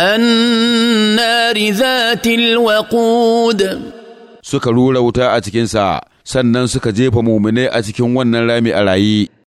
النار ذات الوقود suka rura wuta a cikinsa sannan suka jefa mumune a cikin wannan rami a rayi